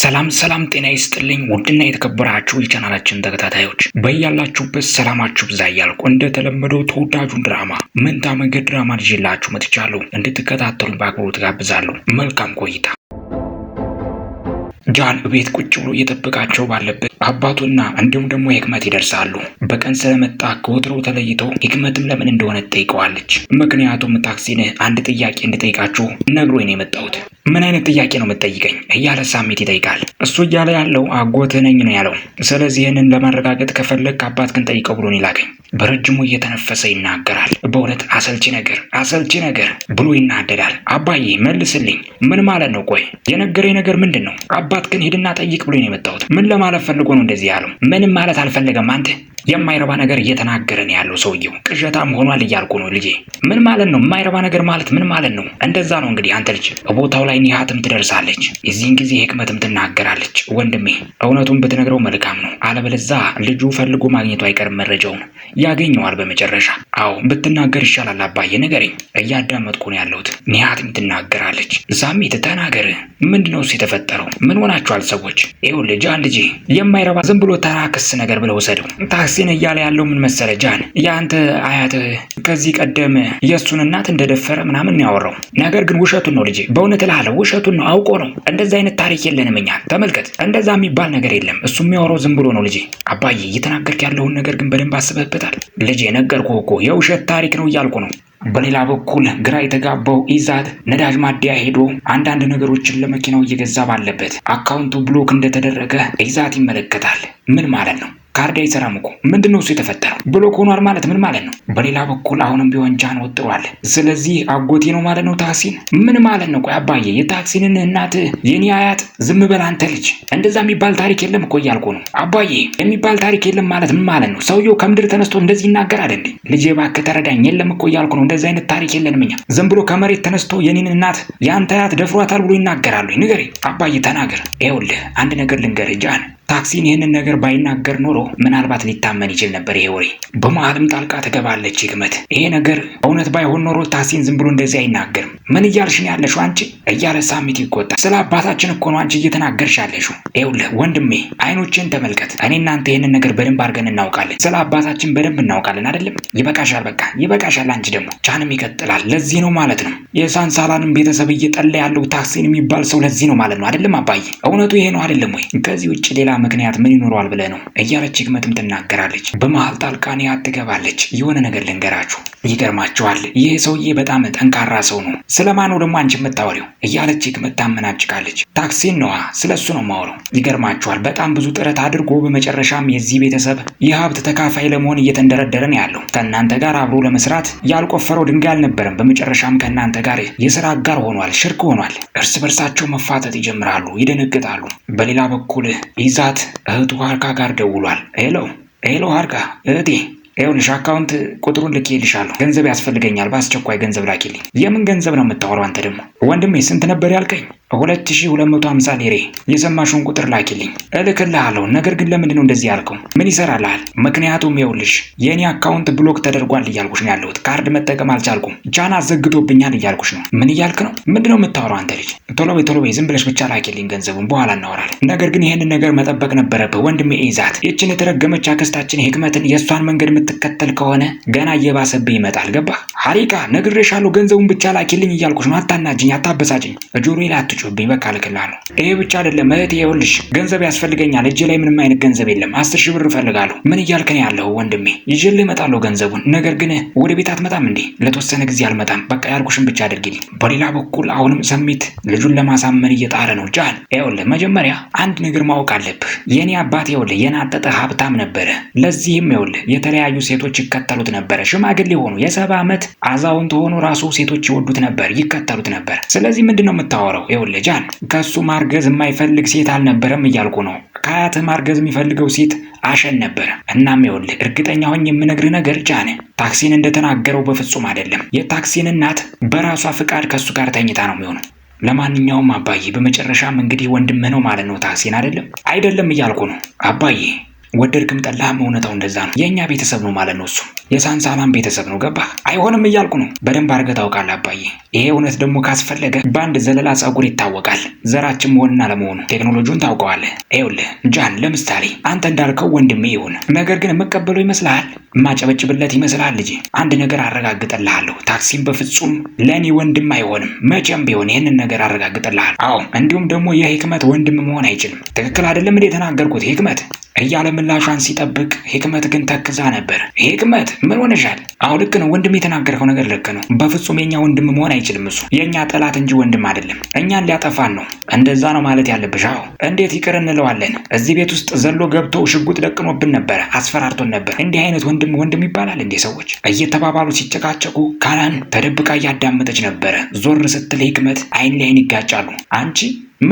ሰላም ሰላም፣ ጤና ይስጥልኝ ውድና የተከበራችሁ የቻናላችን ተከታታዮች በያላችሁበት ሰላማችሁ ብዛ እያልኩ እንደተለመደው ተወዳጁን ድራማ መንታ መንገድ ድራማ ልጅላችሁ መጥቻለሁ። እንድትከታተሉኝ በአክብሮት ጋብዛለሁ። መልካም ቆይታ። ጃን ቤት ቁጭ ብሎ እየጠበቃቸው ባለበት አባቱና እንዲሁም ደግሞ ህክመት ይደርሳሉ። በቀን ስለመጣ ከወትሮው ተለይቶ ህክመትም ለምን እንደሆነ ትጠይቀዋለች። ምክንያቱም ታክሲን አንድ ጥያቄ እንድጠይቃችሁ ነግሮኝ ነው የመጣሁት ምን አይነት ጥያቄ ነው የምትጠይቀኝ? እያለ ሳሚት ይጠይቃል። እሱ እያለ ያለው አጎትህ ነኝ ነው ያለው። ስለዚህ ይህንን ለማረጋገጥ ከፈለግ ግን ጠይቀው ብሎን ይላከኝ። በረጅሙ እየተነፈሰ ይናገራል። በእውነት አሰልቺ ነገር አሰልቺ ነገር ብሎ ይናደዳል። አባዬ መልስልኝ። ምን ማለት ነው? ቆይ የነገረኝ ነገር ምንድን ነው? አባት ግን ሂድና ጠይቅ ብሎ ነው የመጣሁት። ምን ለማለት ፈልጎ ነው እንደዚህ ያለው? ምንም ማለት አልፈለገም አንተ የማይረባ ነገር እየተናገረን ያለው ሰውየው። ቅዠታም ሆኗል እያልኩ ነው ልጄ። ምን ማለት ነው? የማይረባ ነገር ማለት ምን ማለት ነው? እንደዛ ነው እንግዲህ አንተ ልጅ። በቦታው ላይ ኒሃትም ትደርሳለች። የዚህን ጊዜ ህክመትም ትናገራለች። ወንድሜ እውነቱን ብትነግረው መልካም ነው። አለበለዛ ልጁ ፈልጎ ማግኘቱ አይቀርም መረጃውን ያገኘዋል በመጨረሻ። አዎ ብትናገር ይሻላል አባዬ፣ ንገረኝ። እያዳመጥኩ ነው ያለሁት። ኒሃትም ትናገራለች። ዛሜት ተናገር፣ ምንድነው እሱ የተፈጠረው? ምን ሆናችኋል ሰዎች? ይኸውልህ ልጅ፣ አንድ የማይረባ ዝም ብሎ ተራ ክስ ነገር ብለው ውሰደው ክስን እያለ ያለው ምን መሰለ ጃን፣ ያንተ አያት ከዚህ ቀደም የእሱን እናት እንደደፈረ ምናምን ያወራው ነገር ግን ውሸቱን ነው ልጄ፣ በእውነት እልሃለሁ ውሸቱን ነው፣ አውቆ ነው። እንደዛ አይነት ታሪክ የለንም እኛ። ተመልከት፣ እንደዛ የሚባል ነገር የለም። እሱ የሚያወራው ዝም ብሎ ነው ልጄ። አባዬ፣ እየተናገርክ ያለውን ነገር ግን በደንብ አስበህበታል ልጄ። ነገርኩህ እኮ የውሸት ታሪክ ነው እያልኩ ነው። በሌላ በኩል ግራ የተጋባው ኢዛት ነዳጅ ማደያ ሄዶ አንዳንድ ነገሮችን ለመኪናው እየገዛ ባለበት አካውንቱ ብሎክ እንደተደረገ ኢዛት ይመለከታል። ምን ማለት ነው? ካርድ አይሰራም እኮ ምንድነው እሱ የተፈጠረው? ብሎክ ሆኗል ማለት ምን ማለት ነው? በሌላ በኩል አሁንም ቢሆን ጃን ወጥሯል። ስለዚህ አጎቴ ነው ማለት ነው ታክሲን። ምን ማለት ነው? ቆይ አባዬ የታክሲንን እናት የኔ አያት ዝም በል አንተ ልጅ፣ እንደዛ የሚባል ታሪክ የለም እኮ እያልኩ ነው። አባዬ የሚባል ታሪክ የለም ማለት ምን ማለት ነው? ሰውየው ከምድር ተነስቶ እንደዚህ ይናገር አይደል? ልጄ እባክህ ተረዳኝ። የለም እኮ እያልኩ ነው። እንደዚህ አይነት ታሪክ የለንም እኛ። ዝም ብሎ ከመሬት ተነስቶ የኔን እናት የአንተ አያት ደፍሯታል ብሎ ይናገራሉ። ንገሬ አባዬ፣ ተናገር። ይኸውልህ አንድ ነገር ልንገርህ ጃን ታክሲን ይህንን ነገር ባይናገር ኖሮ ምናልባት ሊታመን ይችል ነበር ይሄ ወሬ። በመሀልም ጣልቃ ትገባለች ህክመት። ይሄ ነገር እውነት ባይሆን ኖሮ ታክሲን ዝም ብሎ እንደዚህ አይናገርም። ምን እያልሽን ያለሽው አንቺ እያለ ሳሚት ይቆጣል። ስለ አባታችን እኮ ነው አንቺ እየተናገርሽ ያለሽው። ይኸውልህ ወንድሜ አይኖችን ተመልከት። እኔ እናንተ ይህንን ነገር በደንብ አድርገን እናውቃለን። ስለ አባታችን በደንብ እናውቃለን አይደለም። ይበቃሻል፣ በቃ ይበቃሻል። አንቺ ደግሞ ቻንም ይቀጥላል። ለዚህ ነው ማለት ነው የሳንሳላንም ቤተሰብ እየጠላ ያለው ታክሲን የሚባል ሰው ለዚህ ነው ማለት ነው አይደለም አባዬ። እውነቱ ይሄ ነው አይደለም ወይ? ከዚህ ውጭ ሌላ ምክንያት ምን ይኖረዋል ብለህ ነው እያለች ህክመትም ትናገራለች። በመሀል ጣልቃ ኒሀት ትገባለች። የሆነ ነገር ልንገራችሁ፣ ይገርማችኋል፣ ይህ ሰውዬ በጣም ጠንካራ ሰው ነው። ስለማኑ ደግሞ አንቺ የምታወሪው እያለች ህክመት ታመናጭቃለች። ታክሲን ነዋ፣ ስለ እሱ ነው ማውረው። ይገርማችኋል፣ በጣም ብዙ ጥረት አድርጎ በመጨረሻም የዚህ ቤተሰብ የሀብት ተካፋይ ለመሆን እየተንደረደረ ነው ያለው። ከእናንተ ጋር አብሮ ለመስራት ያልቆፈረው ድንጋይ አልነበረም። በመጨረሻም ከእናንተ ጋር የስራ አጋር ሆኗል፣ ሽርክ ሆኗል። እርስ በርሳቸው መፋጠጥ ይጀምራሉ፣ ይደነግጣሉ። በሌላ በኩል ይዛ ሰዓት እህቱ ሀርካ ጋር ደውሏል። ሄሎ ሄሎ፣ ሀርካ እህቴ ይኸውልሽ አካውንት ቁጥሩን ልኬልሻለሁ። ገንዘብ ያስፈልገኛል፣ በአስቸኳይ ገንዘብ ላኪልኝ። የምን ገንዘብ ነው የምታወራው አንተ ደግሞ? ወንድሜ ስንት ነበር ያልከኝ? 2250 ሊሬ የሰማሽውን ቁጥር ላኪልኝ እልክልሃለሁ። ነገር ግን ለምንድን ነው እንደዚህ ያልከው? ምን ይሰራልሃል? ምክንያቱም ይኸውልሽ የእኔ አካውንት ብሎክ ተደርጓል እያልኩሽ ነው ያለሁት። ካርድ መጠቀም አልቻልኩም። ጃና ዘግቶብኛል እያልኩሽ ነው። ምን እያልክ ነው? ምንድን ነው የምታወራው አንተ ልጅ? ቶሎ በይ ቶሎ በይ፣ ዝም ብለሽ ብቻ ላኪልኝ ገንዘቡን፣ በኋላ እናወራለን። ነገር ግን ይህንን ነገር መጠበቅ ነበረብህ ወንድሜ። ይዛት ይችን የተረገመች አክስታችን ህክመትን የእሷን መንገድ የምትከተል ከሆነ ገና እየባሰብህ ይመጣል። ገባህ? ሀሪቃ ነግሬሻለሁ። ገንዘቡን ብቻ ላኪልኝ እያልኩሽ ነው። አታናጅኝ፣ አታበሳጭኝ። ጆሮዬ ላይ አትጩህብኝ፣ በቃ እልክልሃለሁ። ይሄ ብቻ አይደለም እህት፣ ይኸውልሽ ገንዘብ ያስፈልገኛል። እጅ ላይ ምንም አይነት ገንዘብ የለም። አስር ሺህ ብር እፈልጋለሁ። ምን እያልከን ያለው ወንድሜ? ይዤልህ እመጣለሁ ገንዘቡን። ነገር ግን ወደ ቤት አትመጣም እንዴ? ለተወሰነ ጊዜ አልመጣም። በቃ ያልኩሽን ብቻ አድርጊልኝ። በሌላ በኩል አሁንም ሰሚት ልጁን ለማሳመን እየጣረ ነው። ጃል፣ ይኸውልህ መጀመሪያ አንድ ነገር ማወቅ አለብህ። የኔ አባት ይኸውልህ የናጠጠ ሀብታም ነበረ። ለዚህም ይኸውልህ የተለያዩ ሴቶች ይከተሉት ነበረ። ሽማግሌ ሆኑ፣ የሰባ ዓመት አዛውንት ሆኑ፣ ራሱ ሴቶች ይወዱት ነበር፣ ይከተሉት ነበር። ስለዚህ ምንድን ነው የምታወራው? መውለጃ ከሱ ማርገዝ የማይፈልግ ሴት አልነበረም እያልኩ ነው። ከአያት ማርገዝ የሚፈልገው ሴት አሸን ነበረ። እናም ይኸውልህ እርግጠኛ ሆኜ የምነግርህ ነገር ጃነ ታክሲን እንደተናገረው በፍጹም አይደለም። የታክሲን እናት በራሷ ፍቃድ ከእሱ ጋር ተኝታ ነው የሚሆነው። ለማንኛውም አባዬ፣ በመጨረሻም እንግዲህ ወንድምህ ነው ማለት ነው ታክሲን አይደለም? አይደለም እያልኩ ነው አባዬ ወደድክም ጠላህም እውነታው እንደዛ ነው። የእኛ ቤተሰብ ነው ማለት ነው። እሱ የሳንሳላም ቤተሰብ ነው። ገባ አይሆንም እያልኩ ነው። በደንብ አድርገህ ታውቃለህ አባዬ። ይሄ እውነት ደግሞ ካስፈለገ በአንድ ዘለላ ጸጉር ይታወቃል። ዘራችን መሆንና ለመሆኑ ቴክኖሎጂውን ታውቀዋለህ። ይኸውልህ ጃን፣ ለምሳሌ አንተ እንዳልከው ወንድሜ ይሁን፣ ነገር ግን የምቀበለው ይመስልሃል? የማጨበጭብለት ይመስልሃል? ልጄ፣ አንድ ነገር አረጋግጥልሃለሁ። ታክሲም በፍጹም ለእኔ ወንድም አይሆንም። መቼም ቢሆን ይህንን ነገር አረጋግጥልሃለሁ። አዎ፣ እንዲሁም ደግሞ የህክመት ወንድም መሆን አይችልም። ትክክል አይደለም እንዴ የተናገርኩት? ህክመት እያለ ምላሿን ሲጠብቅ ሂክመት ግን ተክዛ ነበር። ሂክመት ምን ሆነሻል? አሁ ልክ ነው ወንድም፣ የተናገርከው ነገር ልክ ነው። በፍጹም የኛ ወንድም መሆን አይችልም። እሱ የእኛ ጠላት እንጂ ወንድም አይደለም። እኛን ሊያጠፋን ነው። እንደዛ ነው ማለት ያለብሽ። አዎ እንዴት ይቅር እንለዋለን? እዚህ ቤት ውስጥ ዘሎ ገብቶ ሽጉጥ ደቅኖብን ነበረ፣ አስፈራርቶን ነበር። እንዲህ አይነት ወንድም ወንድም ይባላል እንዴ? ሰዎች እየተባባሉ ሲጨቃጨቁ ካላን ተደብቃ እያዳመጠች ነበረ። ዞር ስትል ሂክመት አይን ላይን ይጋጫሉ። አንቺ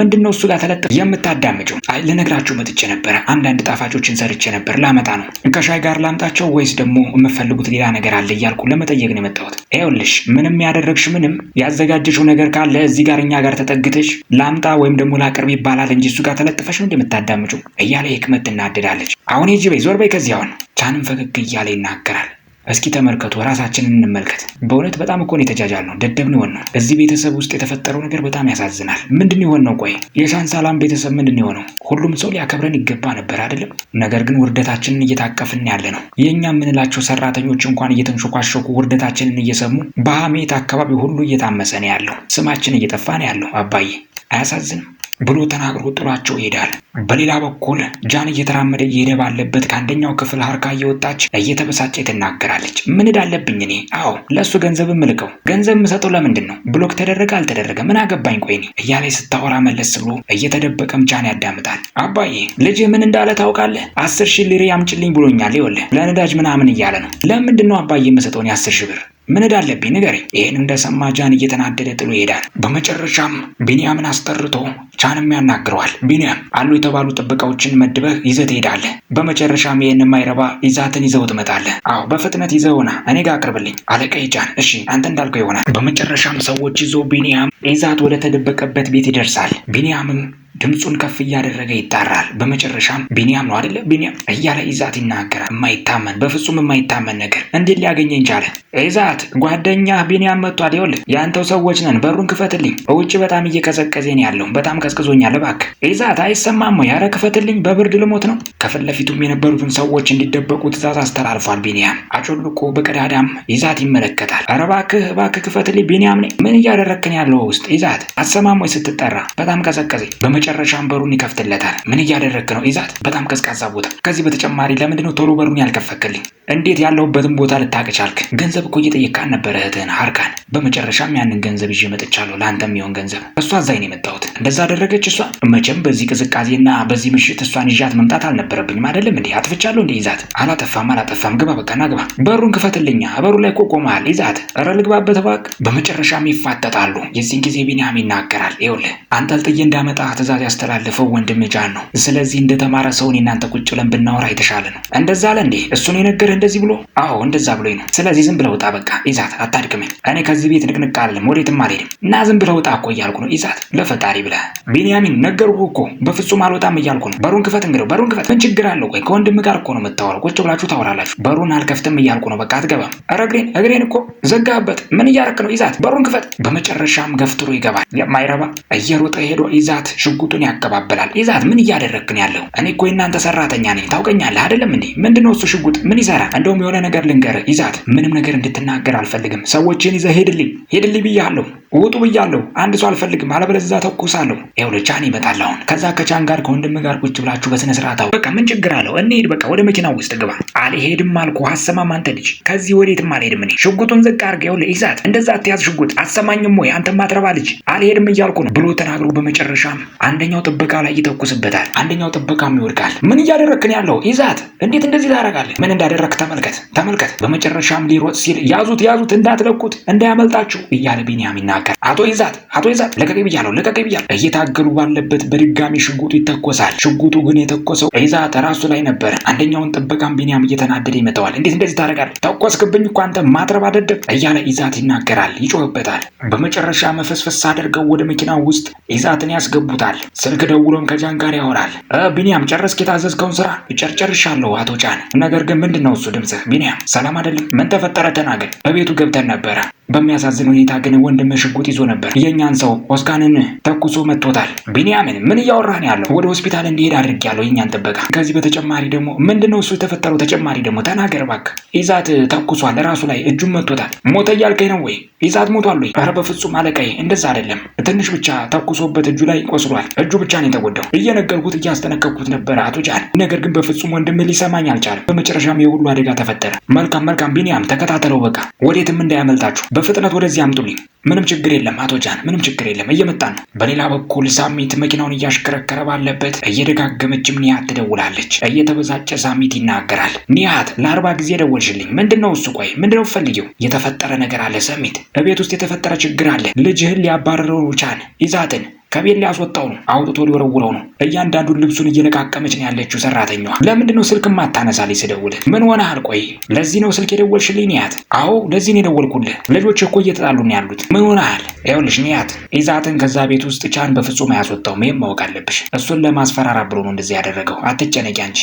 ምንድን ነው እሱ ጋር ተለጥፈ የምታዳምጩ? አይ ልነግራችሁ መጥቼ ነበረ። አንዳንድ ጣፋጮችን ሰርቼ ነበር ላመጣ ነው። ከሻይ ጋር ላምጣቸው ወይስ ደግሞ የምፈልጉት ሌላ ነገር አለ እያልኩ ለመጠየቅ ነው የመጣሁት። ይኸውልሽ ምንም ያደረግሽ ምንም ያዘጋጀሽው ነገር ካለ እዚህ ጋር እኛ ጋር ተጠግተሽ ላምጣ ወይም ደግሞ ላቅርብ ይባላል እንጂ እሱ ጋር ተለጥፈሽ ነው እንደምታዳምጪው እያለ ህክመት ትናደዳለች። አሁን ሂጂ በይ፣ ዞር በይ ከዚህ አሁን። ቻንም ፈገግ እያለ ይናገራል። እስኪ ተመልከቱ፣ ራሳችንን እንመልከት። በእውነት በጣም እኮ ነው የተጃጃልነው፣ ደደብን ነው እዚህ ቤተሰብ ውስጥ የተፈጠረው ነገር በጣም ያሳዝናል። ምንድን ነው ቆይ የሻንሳላም ቤተሰብ ምንድን የሆነው? ሁሉም ሰው ሊያከብረን ይገባ ነበር አይደለም? ነገር ግን ውርደታችንን እየታቀፍን ያለ ነው። የእኛ የምንላቸው ሰራተኞች እንኳን እየተንሾኳሾኩ ውርደታችንን እየሰሙ በሀሜት አካባቢ ሁሉ እየታመሰ ነው ያለው። ስማችን እየጠፋ ነው ያለው። አባዬ አያሳዝንም? ብሎ ተናግሮ ጥሏቸው ይሄዳል። በሌላ በኩል ጃን እየተራመደ እየሄደ ባለበት ከአንደኛው ክፍል ሀርካ እየወጣች እየተበሳጨ ትናገራለች። ምን እዳለብኝ እኔ? አዎ ለእሱ ገንዘብ ምልከው ገንዘብ ምሰጠው ለምንድን ነው? ብሎክ ተደረገ አልተደረገ ምን አገባኝ? ቆይኔ እያላይ ስታወራ መለስ ብሎ እየተደበቀም ጃን ያዳምጣል። አባዬ ልጅህ ምን እንዳለ ታውቃለህ? አስር ሺህ ሊሬ ያምጭልኝ ብሎኛል። ይኸውልህ ለነዳጅ ምናምን እያለ ነው። ለምንድን ነው አባዬ የምሰጠውን የአስር ሺህ ብር ምን ዕዳ ንገረኝ። ይህን እንደሰማ ጃን እየተናደደ ጥሎ ይሄዳል። በመጨረሻም ቢንያምን አስጠርቶ ቻንም ያናግረዋል። ቢንያም አሉ የተባሉ ጥበቃዎችን መድበህ ይዘህ ትሄዳለህ። በመጨረሻም ይህን የማይረባ ይዛትን ይዘው ትመጣለህ። አዎ በፍጥነት ይዘውና እኔ ጋር አቅርብልኝ አለቃዬ ጃን። እሺ አንተ እንዳልከው ይሆናል። በመጨረሻም ሰዎች ይዞ ቢንያም ይዛት ወደ ተደበቀበት ቤት ይደርሳል። ቢንያምም ድምፁን ከፍ እያደረገ ይጣራል። በመጨረሻም ቢኒያም ነው አደለ ቢኒያም እያለ ይዛት ይናገራል። የማይታመን በፍጹም የማይታመን ነገር እንዴት ሊያገኘኝ ቻለ? ይዛት ጓደኛ ቢኒያም መጥቷል። ይኸውልህ የአንተው ሰዎች ነን፣ በሩን ክፈትልኝ። በውጭ በጣም እየቀዘቀዜ ነው ያለው። በጣም ቀዝቅዞኛል። እባክህ ይዛት አይሰማም ወይ? ኧረ ክፈትልኝ፣ በብርድ ልሞት ነው። ከፊት ለፊቱም የነበሩትን ሰዎች እንዲደበቁ ትእዛዝ አስተላልፏል። ቢኒያም አጮልቆ በቀዳዳም ይዛት ይመለከታል። ኧረ እባክህ እባክህ ክፈትልኝ ቢኒያም ምን እያደረክን ያለው ውስጥ ይዛት አሰማም ወይ ስትጠራ? በጣም ቀዘቀዜ በመጨረሻም በሩን ይከፍትለታል። ምን እያደረግክ ነው ይዛት በጣም ቀዝቃዛ ቦታ። ከዚህ በተጨማሪ ነው ቶሎ በሩን ያልከፈክልኝ? እንዴት ያለሁበትን ቦታ ልታቅ ቻልክ? ገንዘብ እኮ እየጠየቅካን ነበረ እህትህን ሃርካን። በመጨረሻም ያንን ገንዘብ ይዤ መጥቻለሁ፣ ለአንተም ይሆን ገንዘብ። እሷ እዛ እዛይን የመጣሁት እንደዛ አደረገች እሷ። መቼም በዚህ ቅዝቃዜና በዚህ ምሽት እሷን ይዣት መምጣት አልነበረብኝም። አይደለም እንዲህ አጥፍቻለሁ እንዴ ይዛት? አላጠፋም አላጠፋም። ግባ በቃ ግባ። በሩን ክፈትልኛ። በሩ ላይ እኮ ቆመሃል ይዛት። ኧረ ልግባበት እባክህ። በመጨረሻም ይፋጠጣሉ። የዚህን ጊዜ ቢንያም ይናገራል። ይኸውልህ አንጠልጥዬ እንዳመጣ ትዛ ትዕዛዝ ያስተላለፈው ወንድም ጃን ነው። ስለዚህ እንደተማረ ሰውን እናንተ ቁጭ ብለን ብናወራ የተሻለ ነው። እንደዛ አለ እንዴ? እሱን የነገር እንደዚህ ብሎ? አዎ እንደዛ ብሎኝ ነው። ስለዚህ ዝም ብለህ ውጣ በቃ ይዛት፣ አታድቅመኝ። እኔ ከዚህ ቤት ንቅንቅ አለም፣ ወዴትም አልሄድም እና ዝም ብለህ ውጣ እኮ እያልኩ ነው። ይዛት፣ ለፈጣሪ ብለህ ቢንያሚን፣ ነገርኩህ እኮ በፍጹም አልወጣም እያልኩ ነው። በሩን ክፈት፣ እንግዲህ በሩን ክፈት። ምን ችግር አለው? ቆይ ከወንድም ጋር እኮ ነው የምታወራው። ቁጭ ብላችሁ ታወራላችሁ። በሩን አልከፍትም እያልኩ ነው። በቃ አትገባም። ኧረ እግሬን እግሬን እኮ ዘጋበት። ምን እያረክ ነው? ይዛት፣ በሩን ክፈት። በመጨረሻም ገፍትሮ ይገባል። የማይረባ እየሮጠ ሄዶ ይዛት ሽጉ ሽጉጡን ያቀባበላል። ይዛት ምን እያደረግክን ያለው? እኔ እኮ የእናንተ ሰራተኛ ነኝ ታውቀኛለህ አይደለም እንዴ? ነው እሱ ሽጉጥ ምን ይሰራል? እንደውም የሆነ ነገር ልንገርህ ይዛት፣ ምንም ነገር እንድትናገር አልፈልግም። ሰዎችን ይዘህ ሄድልኝ፣ ሄድልኝ ብያለሁ፣ ውጡ ብያለሁ። አንድ ሰው አልፈልግም፣ አለበለዚያ ተኩሳለሁ። ይኸውልህ ቻን ይመጣል አሁን። ከዛ ከቻን ጋር ከወንድም ጋር ቁጭ ብላችሁ በስነ ስርዓት በቃ ምን ችግር አለው? እንሂድ በቃ ወደ መኪናው ውስጥ ግባ። አልሄድም አልኩ። አሰማም አንተ ልጅ፣ ከዚህ ወዴትም አልሄድም። እኔ ሽጉጡን ዝቅ አድርገው ለኢሳት እንደዛ አትያዝ ሽጉጥ አሰማኝም ወይ አንተ ማትረባ ልጅ፣ አልሄድም እያልኩ ነው ብሎ ተናግሮ በመጨረሻም አንደኛው ጥበቃ ላይ ይተኩስበታል። አንደኛው ጥበቃም ይወድቃል። ምን እያደረክን ያለው ይዛት፣ እንዴት እንደዚህ ታደርጋለህ? ምን እንዳደረክ ተመልከት፣ ተመልከት። በመጨረሻም ሊሮጥ ሲል ያዙት፣ ያዙት፣ እንዳትለቁት፣ እንዳያመልጣችሁ እያለ ቢንያም ይናገር። አቶ ይዛት፣ አቶ ኢሳት ለቀቀኝ ብያለሁ፣ ለቀቀኝ ብያለሁ። እየታገሉ ባለበት በድጋሚ ሽጉጡ ይተኮሳል። ሽጉጡ ግን የተኮሰው ይዛት ራሱ ላይ ነበር። አንደኛውን ጥበቃም ቢንያም በጣም እየተናደደ ይመጣዋል። እንዴት እንደዚህ ታደርጋለህ? ተኮስክብኝ እኮ አንተ ማትረባ አደደብ እያለ ኢዛት ይናገራል፣ ይጮህበታል። በመጨረሻ መፈስፈስ አድርገው ወደ መኪናው ውስጥ ኢዛትን ያስገቡታል። ስልክ ደውሎም ከጃን ጋር ያወራል። ቢኒያም ጨረስክ የታዘዝከውን ስራ? ጨርጨርሻለሁ አቶ ጫን። ነገር ግን ምንድን ነው እሱ ድምፅህ? ቢኒያም ሰላም አይደለም። ምን ተፈጠረ? ተናገር። በቤቱ ገብተን ነበረ በሚያሳዝን ሁኔታ ግን ወንድም ሽጉጥ ይዞ ነበር። የእኛን ሰው ኦስካንን ተኩሶ መጥቶታል። ቢንያምን ምን እያወራህን ያለው? ወደ ሆስፒታል እንዲሄድ አድርግ ያለው የእኛን ጥበቃ። ከዚህ በተጨማሪ ደግሞ ምንድነው እሱ የተፈጠረው? ተጨማሪ ደግሞ ተናገር እባክህ። ኢዛት ተኩሷል፣ ራሱ ላይ እጁን መጥቶታል። ሞተ እያልከኝ ነው ወይ? ኢዛት ሞቷል ወይ? ኧረ በፍጹም አለቃዬ፣ እንደዛ አይደለም። ትንሽ ብቻ ተኩሶበት እጁ ላይ ቆስሏል። እጁ ብቻ ነው የተጎዳው። እየነገርኩት እያስጠነቀቅኩት ነበር አቶ ጫን፣ ነገር ግን በፍጹም ወንድም ሊሰማኝ አልቻለም። በመጨረሻም የሁሉ አደጋ ተፈጠረ። መልካም መልካም፣ ቢንያም ተከታተለው በቃ ወዴትም እንዳያመልጣችሁ። በፍጥነት ወደዚህ አምጡልኝ። ምንም ችግር የለም አቶ ጃን፣ ምንም ችግር የለም እየመጣን ነው። በሌላ በኩል ሳሚት መኪናውን እያሽከረከረ ባለበት እየደጋገመችም ኒያት ትደውላለች። እየተበዛጨ ሳሚት ይናገራል። ኒያት ለአርባ ጊዜ ደወልሽልኝ፣ ምንድነው እሱ? ቆይ ምንድነው ፈልጊው? የተፈጠረ ነገር አለ ሳሚት፣ እቤት ውስጥ የተፈጠረ ችግር አለ። ልጅህን ሊያባረረው ቻን ይዛትን ከቤት ላይ አስወጣው ነው፣ አውጥቶ ሊወረውረው ነው። እያንዳንዱን ልብሱን እየለቃቀመች ነው ያለችው ሰራተኛዋ። ለምንድን ነው ስልክ ማታነሳልኝ ስደውልህ? ምን ሆነሃል? ቆይ ለዚህ ነው ስልክ የደወልሽልኝ ኒያት? አዎ ለዚህ ነው የደወልኩልህ። ልጆች እኮ እየተጣሉ ነው ያሉት። ምን ሆነሃል? ይኸውልሽ ኒያት፣ ይዛትን ከዛ ቤት ውስጥ ቻን በፍጹም አያስወጣውም። ይህም ማወቅ አለብሽ። እሱን ለማስፈራራ ብሎ ነው እንደዚህ ያደረገው። አትጨነቂ አንቺ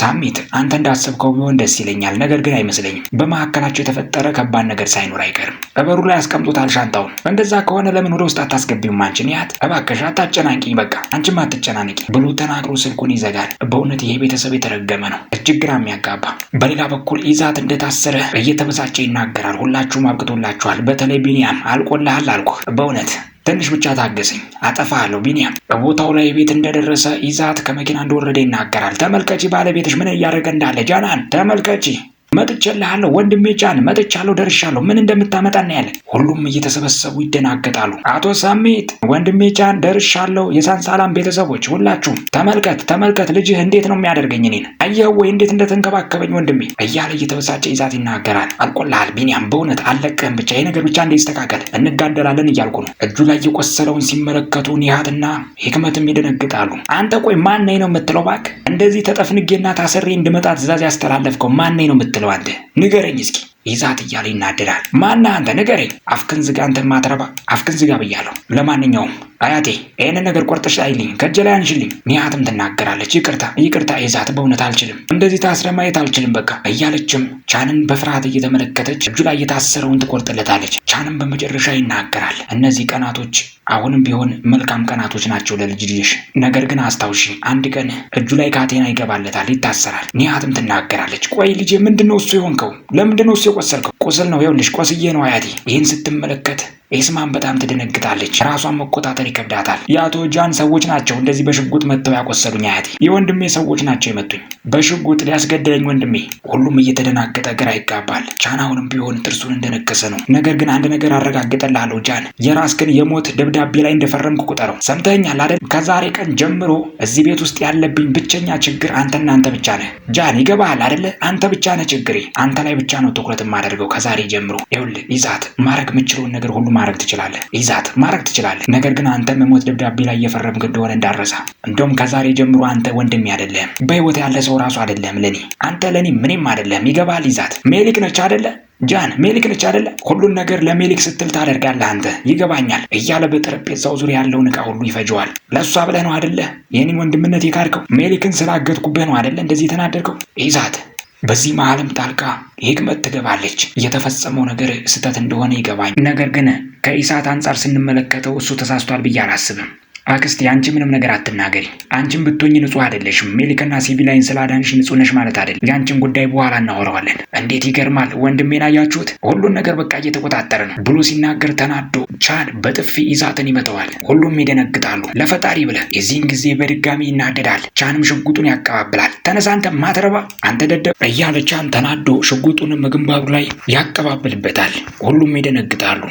ሳሚት አንተ እንዳሰብከው ቢሆን ደስ ይለኛል፣ ነገር ግን አይመስለኝም። በመካከላቸው የተፈጠረ ከባድ ነገር ሳይኖር አይቀርም። እበሩ ላይ አስቀምጦታል ሻንጣውን። እንደዛ ከሆነ ለምን ወደ ውስጥ አታስገቢውም? አንቺን ያት እባክሽ አታጨናንቂኝ፣ በቃ አንቺም አትጨናንቂ ብሎ ተናግሮ ስልኩን ይዘጋል። በእውነት ይሄ ቤተሰብ የተረገመ ነው፣ እጅግ ግራ የሚያጋባ። በሌላ በኩል ይዛት እንደታሰረ እየተበሳጨ ይናገራል። ሁላችሁም አብቅቶላችኋል፣ በተለይ ቢኒያም አልቆልሃል አልኩ በእውነት ትንሽ ብቻ ታገሰኝ፣ አጠፋለሁ። ቢኒያም በቦታው ላይ ቤት እንደደረሰ ይዛት ከመኪና እንደወረደ ይናገራል። ተመልከቺ፣ ባለቤትሽ ምን እያደረገ እንዳለ። ጃናን ተመልከቺ። መጥቼልሃለሁ ወንድሜ ጃን፣ መጥቻለሁ፣ ደርሻለሁ። ምን እንደምታመጣ እናያለን። ሁሉም እየተሰበሰቡ ይደናገጣሉ። አቶ ሰሜት ወንድሜ ጃን፣ ደርሻለሁ። የሳንሳላም ቤተሰቦች ሁላችሁም ተመልከት፣ ተመልከት፣ ልጅህ እንዴት ነው የሚያደርገኝ እኔን አየኸው ወይ እንዴት እንደተንከባከበኝ ወንድሜ እያለ እየተበሳጨ ይዛት ይናገራል። አልቆልሃል ቢኒያም፣ በእውነት አልለቅህም። ብቻ ይህ ነገር ብቻ እንዲስተካከል እንጋደላለን እያልኩ ነው። እጁ ላይ የቆሰለውን ሲመለከቱ ኒሃትና ህክመትም ይደነግጣሉ። አንተ ቆይ ማነኝ ነው የምትለው? እባክህ እንደዚህ ተጠፍንጌና ታሰሬ እንድመጣ ትእዛዝ ያስተላለፍከው ማነኝ ነው የምትለው? የምትለው አንተ ንገረኝ እስኪ ይዛት እያለ ይናደዳል። ማና አንተ ንገረኝ፣ አፍክን ዝጋ፣ አንተ ማትረባ አፍክን ዝጋ ብያለሁ። ለማንኛውም አያቴ ይህንን ነገር ቆርጠሽ አይልኝ፣ ከእጄ ላይ አንሽልኝ። ኒያትም ትናገራለች። ይቅርታ ይቅርታ ይዛት፣ በእውነት አልችልም፣ እንደዚህ ታስረ ማየት አልችልም፣ በቃ እያለችም ቻንን በፍርሃት እየተመለከተች እጁ ላይ የታሰረውን ትቆርጥለታለች። ቻንም በመጨረሻ ይናገራል። እነዚህ ቀናቶች አሁንም ቢሆን መልካም ቀናቶች ናቸው ለልጅ ልጅሽ። ነገር ግን አስታውሺ፣ አንድ ቀን እጁ ላይ ካቴና ይገባለታል፣ ይታሰራል። ኒሃትም ትናገራለች፣ ቆይ ልጄ ምንድን ነው እሱ የሆንከው? ለምንድን ነው እሱ የቆሰልከው? ቁስል ነው ይኸውልሽ፣ ቆስዬ ነው አያቴ። ይህን ስትመለከት ኤስማን በጣም ትደነግጣለች። ራሷን መቆጣጠር ይከብዳታል። የአቶ ጃን ሰዎች ናቸው እንደዚህ በሽጉጥ መጥተው ያቆሰሉኝ አያቴ። የወንድሜ ሰዎች ናቸው የመቱኝ በሽጉጥ ሊያስገድለኝ ወንድሜ። ሁሉም እየተደናገጠ ግራ ይጋባል። ቻን አሁንም ቢሆን ጥርሱን እንደነከሰ ነው። ነገር ግን አንድ ነገር አረጋግጠልሃለሁ ጃን፣ የራስህን የሞት ደብዳቤ ላይ እንደፈረምኩ ቁጠረው። ሰምተኛል አይደል? ከዛሬ ቀን ጀምሮ እዚህ ቤት ውስጥ ያለብኝ ብቸኛ ችግር አንተና አንተ ብቻ ነህ። ጃን ይገባሃል አደለ? አንተ ብቻ ነህ ችግሬ። አንተ ላይ ብቻ ነው ትኩረት የማደርገው ከዛሬ ጀምሮ። ይኸውልህ ይዛት ማድረግ የምችለውን ነገር ሁሉ ማድረግ ትችላለህ፣ ይዛት ማድረግ ትችላለህ። ነገር ግን አንተ መሞት ደብዳቤ ላይ እየፈረምክ እንደሆነ እንዳረሳ። እንደውም ከዛሬ ጀምሮ አንተ ወንድሜ አይደለህም፣ በህይወት ያለ ሰው ራሱ አይደለህም ለኔ። አንተ ለኔ ምንም አይደለህም። ይገባል? ይዛት ሜሊክ ነች አይደለ? ጃን ሜሊክ ነች አደለ? ሁሉን ነገር ለሜሊክ ስትል ታደርጋለህ አንተ። ይገባኛል እያለ በጠረጴዛው ዙሪያ ያለውን ዕቃ ሁሉ ይፈጀዋል። ለእሷ ብለህ ነው አይደለ? የኔን ወንድምነት የካድከው ሜሊክን ስላገጥኩብህ ነው አደለ? እንደዚህ የተናደድከው ይዛት በዚህ መዓልም ጣልቃ ሂክመት ትገባለች። የተፈጸመው ነገር ስህተት እንደሆነ ይገባኝ። ነገር ግን ከኢሳት አንጻር ስንመለከተው እሱ ተሳስቷል ብዬ አላስብም። አክስቴ አንቺ ምንም ነገር አትናገሪ። አንቺም ብትሆኝ ንጹህ አይደለሽም። ሜሊክና ሲቪላይን ስላዳንሽ ንጹህ ነሽ ማለት አይደለም። የአንቺን ጉዳይ በኋላ እናወራዋለን። እንዴት ይገርማል! ወንድሜን አያችሁት? ሁሉን ነገር በቃ እየተቆጣጠረ ነው ብሎ ሲናገር ተናዶ ቻድ በጥፊ ይዛትን ይመተዋል። ሁሉም ይደነግጣሉ። ለፈጣሪ ብለ የዚህን ጊዜ በድጋሚ ይናደዳል። ቻንም ሽጉጡን ያቀባብላል። ተነሳ አንተ ማትረባ፣ አንተ ደደብ እያለ ቻን ተናዶ ሽጉጡንም ግንባሩ ላይ ያቀባብልበታል። ሁሉም ይደነግጣሉ።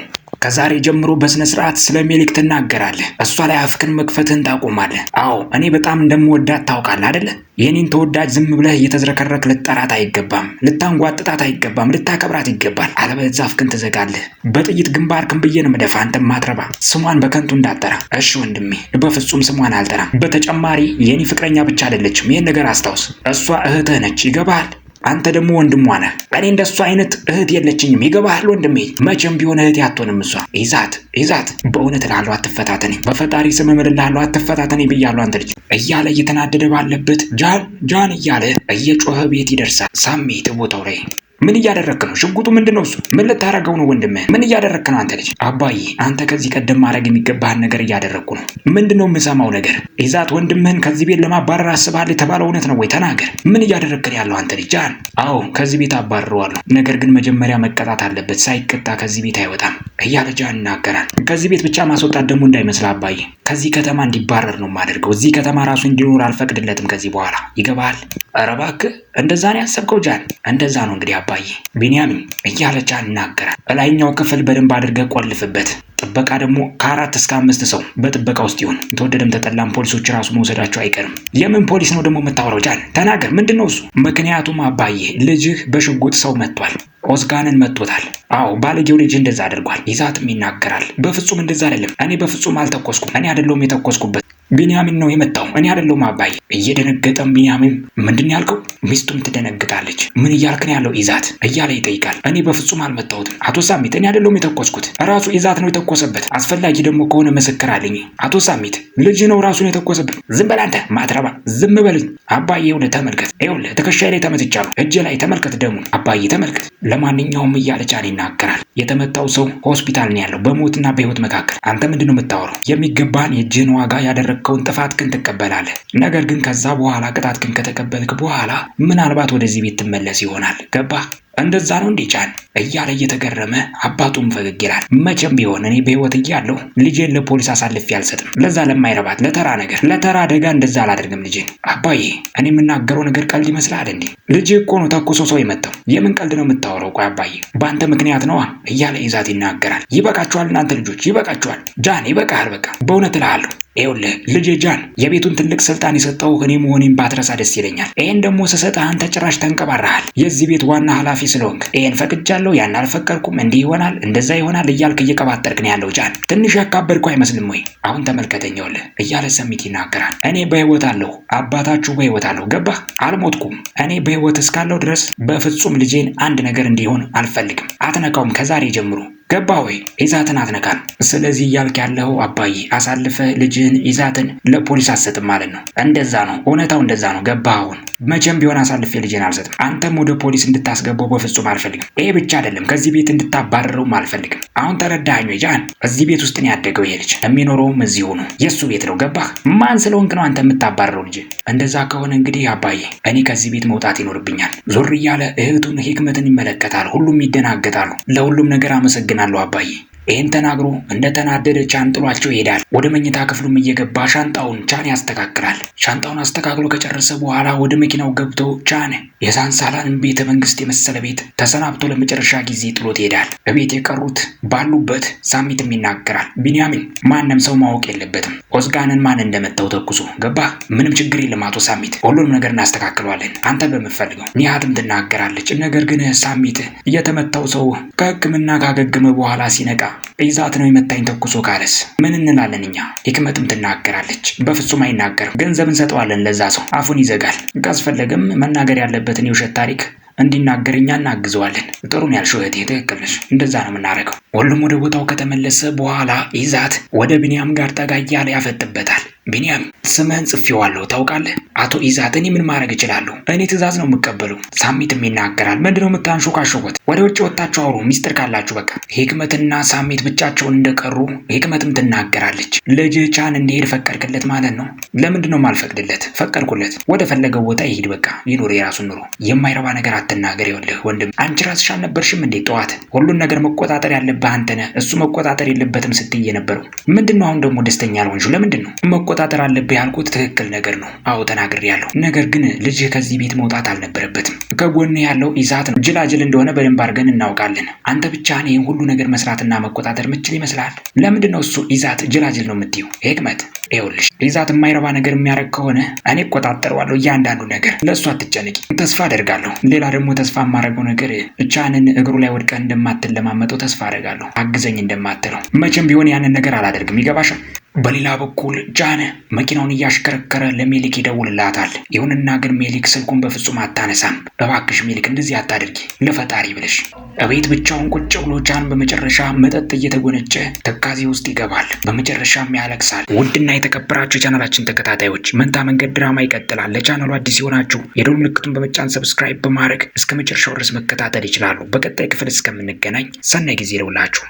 ከዛሬ ጀምሮ በስነ ስርዓት ስለ ሜሊክ ትናገራለህ። እሷ ላይ አፍክን መክፈትህን ታቆማለህ። አዎ እኔ በጣም እንደምወዳት ታውቃለህ አደለ? የኔን ተወዳጅ ዝም ብለህ እየተዝረከረክ ልጠራት አይገባም፣ ልታንጓጥጣት አይገባም፣ ልታከብራት ይገባል። አለበዛ አፍክን ትዘጋለህ። በጥይት ግንባር ብዬ መደፋ አንተ ማትረባ። ስሟን በከንቱ እንዳጠራ እሺ ወንድሜ፣ በፍጹም ስሟን አልጠራም። በተጨማሪ የኔ ፍቅረኛ ብቻ አይደለችም፣ ይህን ነገር አስታውስ። እሷ እህትህ ነች። ይገባሃል? አንተ ደግሞ ወንድሟ ነህ። እኔ እንደሷ አይነት እህት የለችኝም። ይገባሃል ወንድሜ? መቼም ቢሆን እህት ያትሆንም። እሷ። ይዛት ይዛት፣ በእውነት እልሃለሁ አትፈታተኔ፣ በፈጣሪ ስም እምልልሃለሁ አትፈታተኔ ብያለሁ። አንተ ልጅ እያለ እየተናደደ ባለበት ጃን ጃን እያለ እየጮኸ ቤት ይደርሳል። ሳሜ ቦታው ላይ ምን እያደረክ ነው? ሽጉጡ ምንድን ነው? እሱ ምን ልታረገው ነው? ወንድምህ ምን እያደረክ ነው? አንተ ልጅ አባዬ፣ አንተ ከዚህ ቀደም ማድረግ የሚገባህን ነገር እያደረግኩ ነው። ምንድን ነው የምሰማው ነገር? ኢዛት ወንድምህን ከዚህ ቤት ለማባረር አስበሃል የተባለው እውነት ነው ወይ? ተናገር። ምን እያደረግክን ያለው አንተ ልጅ? ጃን፣ አዎ ከዚህ ቤት አባርረዋለሁ፣ ነገር ግን መጀመሪያ መቀጣት አለበት። ሳይቀጣ ከዚህ ቤት አይወጣም እያለ ጃን ይናገራል። ከዚህ ቤት ብቻ ማስወጣት ደግሞ እንዳይመስል አባዬ፣ ከዚህ ከተማ እንዲባረር ነው የማደርገው። እዚህ ከተማ ራሱ እንዲኖር አልፈቅድለትም ከዚህ በኋላ ይገባሃል? ኧረ እባክህ እንደዛ ነው ያሰብከው ጃን? እንደዛ ነው እንግዲህ አባ አባዬ ቢንያሚን እያለች አናገራል። በላይኛው ክፍል በደንብ አድርገ ቆልፍበት። ጥበቃ ደግሞ ከአራት እስከ አምስት ሰው በጥበቃ ውስጥ ይሁን። ተወደደም ተጠላም ፖሊሶች ራሱ መውሰዳቸው አይቀርም። የምን ፖሊስ ነው ደግሞ የምታወራው? ጃን ተናገር፣ ምንድን ነው እሱ? ምክንያቱም አባዬ ልጅህ በሽጉጥ ሰው መጥቷል። ኦዝጋንን መጥቶታል። አዎ ባለጌው ልጅ እንደዛ አድርጓል። ይዛትም ይናገራል። በፍጹም እንደዛ አይደለም። እኔ በፍጹም አልተኮስኩም። እኔ አይደለሁም የተኮስኩበት ቢንያሚን ነው የመጣው እኔ አይደለሁም አባዬ። እየደነገጠም ቢንያሚን ምንድን ያልከው? ሚስቱም ትደነግጣለች። ምን እያልክ ነው ያለው ኢዛት እያለ ይጠይቃል። እኔ በፍጹም አልመጣሁትም አቶ ሳሚት፣ እኔ አይደለሁም የተኮስኩት ራሱ ኢዛት ነው የተኮሰበት። አስፈላጊ ደግሞ ከሆነ ምስክር አለኝ። አቶ ሳሚት፣ ልጅ ነው ራሱን የተኮሰበት። ዝም በል አንተ ማትረባ፣ ዝም በልኝ አባዬ። ይኸውልህ ተመልከት፣ ይኸውልህ ትከሻዬ ላይ ተመትቻለሁ፣ እጄ ላይ ተመልከት፣ ደግሞ አባዬ ተመልከት። ለማንኛውም እያለ ጫን ይናገራል። የተመታው ሰው ሆስፒታል ነው ያለው በሞትና በህይወት መካከል። አንተ ምንድን ነው የምታወራው? የሚገባህን የእጅህን ዋጋ ያደረግ ያደረግከውን ጥፋት ግን ትቀበላለህ። ነገር ግን ከዛ በኋላ ቅጣት ግን ከተቀበልክ በኋላ ምናልባት ወደዚህ ቤት ትመለስ ይሆናል። ገባህ? እንደዛ ነው እንዴ ጫን እያለ እየተገረመ አባቱም ፈገግ ይላል። መቼም ቢሆን እኔ በህይወት እያለሁ ልጄን ለፖሊስ አሳልፌ አልሰጥም። ለዛ ለማይረባት ለተራ ነገር ለተራ አደጋ እንደዛ አላደርግም ልጄን። አባዬ እኔ የምናገረው ነገር ቀልድ ይመስልሃል እንዴ? ልጄ እኮ ነው ተኩሶ ሰው የመታው። የምን ቀልድ ነው የምታወረው? ቆይ አባዬ በአንተ ምክንያት ነዋ እያለ ይዛት ይናገራል። ይበቃችኋል እናንተ ልጆች ይበቃችኋል። ጃን ይበቃሃል፣ በቃ በእውነት እልሃለሁ ይኸውልህ ልጄ ጃን የቤቱን ትልቅ ስልጣን የሰጠው እኔ መሆኔን ባትረሳ ደስ ይለኛል። ይህን ደግሞ ስሰጥህ አንተ ጭራሽ ተንቀባረሃል። የዚህ ቤት ዋና ኃላፊ ኃላፊ ስለሆንክ ይሄን ፈቅጃለሁ፣ ያን አልፈቀድኩም፣ እንዲህ ይሆናል፣ እንደዛ ይሆናል እያልክ እየቀባጠርክ ነው ያለው። ጃን ትንሽ ያካበድኩ አይመስልም ወይ? አሁን ተመልከተኛውልህ እያለ ሰሚት ይናገራል። እኔ በህይወት አለሁ፣ አባታችሁ በህይወት አለሁ። ገባህ? አልሞትኩም። እኔ በህይወት እስካለሁ ድረስ በፍጹም ልጄን አንድ ነገር እንዲሆን አልፈልግም። አትነቃውም ከዛሬ ጀምሮ ገባ ወይ? ኢዛትን ስለዚህ እያልክ ያለው አባዬ አሳልፈ ልጅህን ይዛትን ለፖሊስ አትሰጥም ማለት ነው። እንደዛ ነው፣ እውነታው እንደዛ ነው። ገባ አሁን መቼም ቢሆን አሳልፌ ልጅህን አልሰጥም። አንተም ወደ ፖሊስ እንድታስገባው በፍጹም አልፈልግም። ይሄ ብቻ አይደለም፣ ከዚህ ቤት እንድታባረረውም አልፈልግም። አሁን ተረዳኸኝ ወይ ጃን? እዚህ ቤት ውስጥ ነው ያደገው ይሄ ልጅ፣ የሚኖረውም እዚሁ ነው። የእሱ ቤት ነው። ገባህ? ማን ስለሆንክ ነው አንተ የምታባረረው ልጅ? እንደዛ ከሆነ እንግዲህ አባዬ እኔ ከዚህ ቤት መውጣት ይኖርብኛል። ዞር እያለ እህቱን ህክመትን ይመለከታል። ሁሉም ይደናገጣሉ። ለሁሉም ነገር አመሰግናል lo Valle. ይህን ተናግሮ እንደተናደደ ቻን ጥሏቸው ይሄዳል። ወደ መኝታ ክፍሉም እየገባ ሻንጣውን ቻን ያስተካክላል። ሻንጣውን አስተካክሎ ከጨረሰ በኋላ ወደ መኪናው ገብቶ ቻን የሳንሳላንን ቤተ መንግስት የመሰለ ቤት ተሰናብቶ ለመጨረሻ ጊዜ ጥሎት ይሄዳል። በቤት የቀሩት ባሉበት ሳሚትም ይናገራል። ቢንያሚን ማንም ሰው ማወቅ የለበትም ኦዝጋንን ማን እንደመታው ተኩሶ ገባ። ምንም ችግር የለም አቶ ሳሚት፣ ሁሉንም ነገር እናስተካክለዋለን አንተ በምፈልገው ኒሃትም ትናገራለች። ነገር ግን ሳሚት እየተመታው ሰው ከህክምና ካገገመ በኋላ ሲነቃ ይዛት ነው የመታኝ ተኩሶ ካለስ ምን እንላለን እኛ? ሂክመትም ትናገራለች። በፍጹም አይናገርም፣ ገንዘብ እንሰጠዋለን ለዛ ሰው። አፉን ይዘጋል። ካስፈለገም መናገር ያለበትን የውሸት ታሪክ እንዲናገር እኛ እናግዘዋለን። ጥሩ ነው ያልሽው እህቴ፣ ትክክል ነሽ። እንደዛ ነው የምናደርገው። ሁሉም ወደ ቦታው ከተመለሰ በኋላ ይዛት ወደ ብንያም ጋር ጠጋ እያለ ያፈጥበታል። ቢኒያም ስምህን ጽፌዋለሁ ታውቃለህ? አቶ ኢዛት እኔ ምን ማድረግ እችላለሁ? እኔ ትዕዛዝ ነው የምቀበሉ። ሳሚትም ይናገራል። ምንድነው የምታንሾካሾኩት? ወደ ውጭ ወጥታችሁ አውሩ፣ ሚስጥር ካላችሁ በቃ። ሂክመትና ሳሚት ብቻቸውን እንደቀሩ ሂክመትም ትናገራለች። ልጅህ ቻን እንዲሄድ ፈቀድክለት ማለት ነው? ለምንድነው ነው የማልፈቅድለት? ፈቀድኩለት። ወደ ፈለገው ቦታ ይሄድ በቃ፣ ይኑር የራሱን ኑሮ። የማይረባ ነገር አትናገር። ይኸውልህ ወንድም፣ አንቺ ራስሽ አልነበርሽም እንዴ ጠዋት? ሁሉን ነገር መቆጣጠር ያለብህ አንተነ እሱ መቆጣጠር የለበትም ስትይ የነበረው ምንድነው አሁን ደግሞ ደስተኛ አልሆንሽው ለምንድን ነው? መቆጣጠር አለብህ ያልኩት ትክክል ነገር ነው። አዎ ያለው ነገር ግን ልጅህ ከዚህ ቤት መውጣት አልነበረበትም። ከጎን ያለው ይዛት ነው። ጅላጅል እንደሆነ በደንብ አድርገን እናውቃለን። አንተ ብቻህን ይህን ሁሉ ነገር መስራትና መቆጣጠር ምችል ይመስላል። ለምንድን ነው እሱ ይዛት ጅላጅል ነው የምትይው? ሂክመት ይኸውልሽ፣ ይዛት የማይረባ ነገር የሚያደርግ ከሆነ እኔ እቆጣጠረዋለሁ። እያንዳንዱ ነገር ለእሱ አትጨነቂ። ተስፋ አደርጋለሁ። ሌላ ደግሞ ተስፋ የማደርገው ነገር ብቻህንን እግሩ ላይ ወድቀህ እንደማትለማመጠው ተስፋ አደርጋለሁ። አግዘኝ እንደማትለው መቼም ቢሆን ያንን ነገር አላደርግም። ይገባሻል? በሌላ በኩል ጃን መኪናውን እያሽከረከረ ለሜሊክ ይደውልላታል። ይሁንና ግን ሜሊክ ስልኩን በፍጹም አታነሳም። እባክሽ ሜሊክ እንደዚህ አታድርጊ ለፈጣሪ ብለሽ። እቤት ብቻውን ቁጭ ብሎ ጃን በመጨረሻ መጠጥ እየተጎነጨ ተካዜ ውስጥ ይገባል። በመጨረሻም ያለቅሳል። ውድና የተከበራችሁ የቻናላችን ተከታታዮች መንታ መንገድ ድራማ ይቀጥላል። ለቻናሉ አዲስ የሆናችሁ የደወል ምልክቱን በመጫን ሰብስክራይብ በማድረግ እስከ መጨረሻው ድረስ መከታተል ይችላሉ። በቀጣይ ክፍል እስከምንገናኝ ሰናይ ጊዜ ይለውላችሁ።